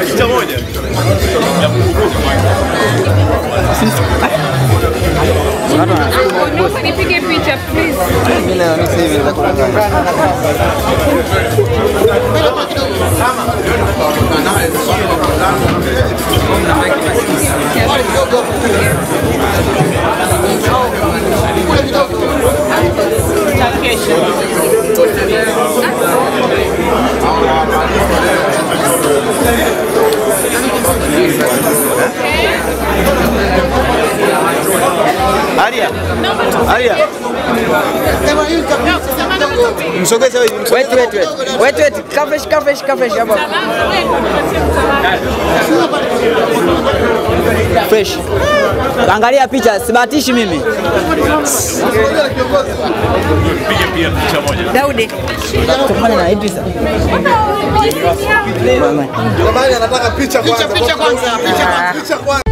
picha moja ya kumbukumbu kwanza. Nipige picha please. Mimi na mimi sasa hivi nitakutangaza. Takesha. Aria. Aria. Msogeze hivi. Wait wait wait. Wait wait. Kafesh kafesh kafesh hapa. Fresh. Angalia picha, sibatishi mimi. Pige pia picha moja. Daudi. Tufanye na Idrisa. Jamani anataka picha kwanza. Picha kwanza. Picha kwanza. Ah.